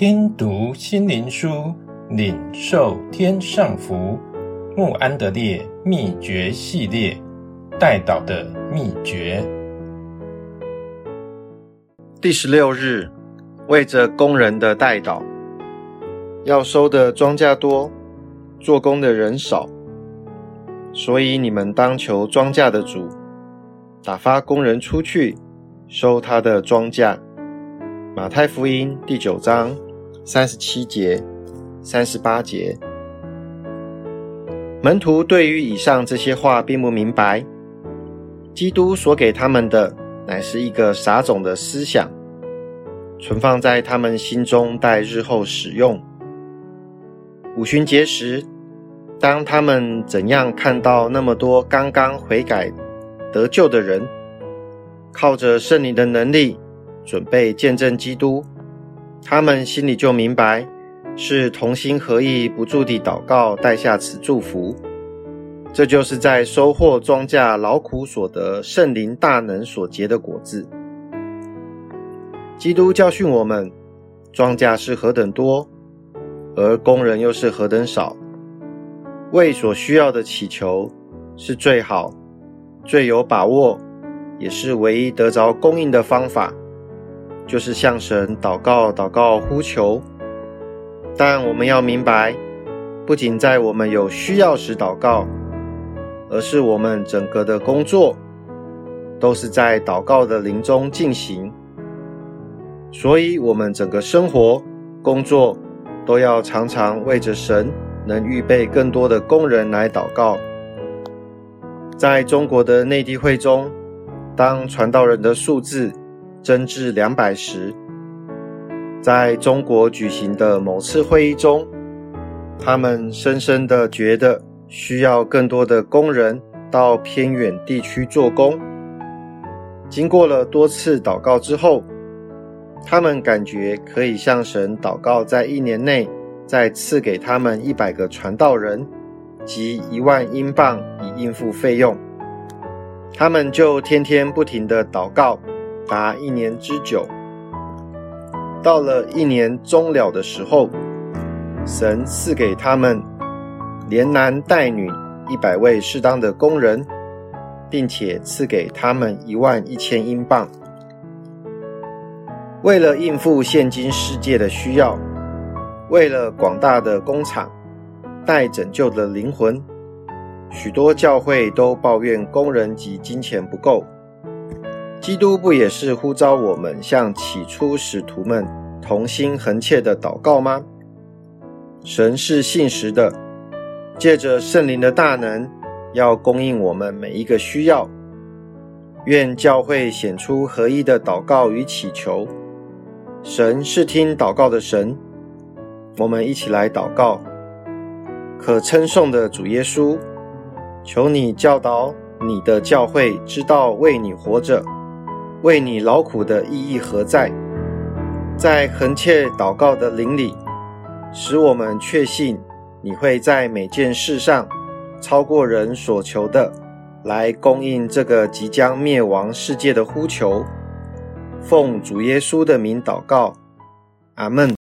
聽讀心靈書，領受天上福。慕安德烈秘訣系列，代禱的秘訣。第十六日，為着工人的代禱，要收的莊稼多，做工的人少，所以你們當求莊稼的主，打發工人出去，收他的莊稼。馬太福音第九章。三十七節、三十八節，門徒對於以上這些話並不明白，基督所給他們的乃是一個撒種的思想，存放在他們心中待日後使用。五旬節時，當他們怎樣看到那麼多剛剛悔改得救的人，靠着聖靈的能力，準備見證基督。他們心裡就明白，是同心合意不住地禱告，帶下此祝福。這就是在收穫莊稼勞苦所得、聖靈大能所結的果子。基督教訓我們：莊稼是何等多，而工人又是何等少。為所需要的祈求，是最好、最有把握，也是唯一得着供應的方法。就是向神禱告、禱告呼求，但我們要明白，不僅在我們有需要時禱告，而是我們整個的工作都是在禱告的靈中進行。所以，我們整個生活、工作都要常常為着神能預備更多的工人來禱告。在中國的內地會中，當傳道人的數字。增至兩百時，在中國舉行的某次會議中，他們深深的覺得需要更多的工人到偏遠地區作工。經過了多次禱告之後，他們感覺可以向神禱告，在一年內再賜給他們一百個傳道人及一萬英鎊以應付費用。他們就天天不停的禱告。達一年之久。到了一年終了的時候，神賜給他們連男帶女一百位適當的工人，並且賜給他們一萬一千英鎊。為了應付現今世界的需要，為了廣大的工場、待拯救的靈魂，許多教會都抱怨工人及金錢不夠。基督不也是呼召我們向起初使徒們同心恆切的禱告嗎？神是信實的，借着聖靈的大能，要供應我們每一個需要。願教會顯出合一的禱告與祈求。神是聽禱告的神，我們一起來禱告。可稱頌的主耶穌，求你教導你的教會知道為你活着。為你勞苦的意義何在？在恆切禱告的靈裡，使我們確信你會在每件事上超過人所求的，來供應這個即將滅亡世界的呼求。奉主耶穌的名禱告，阿們。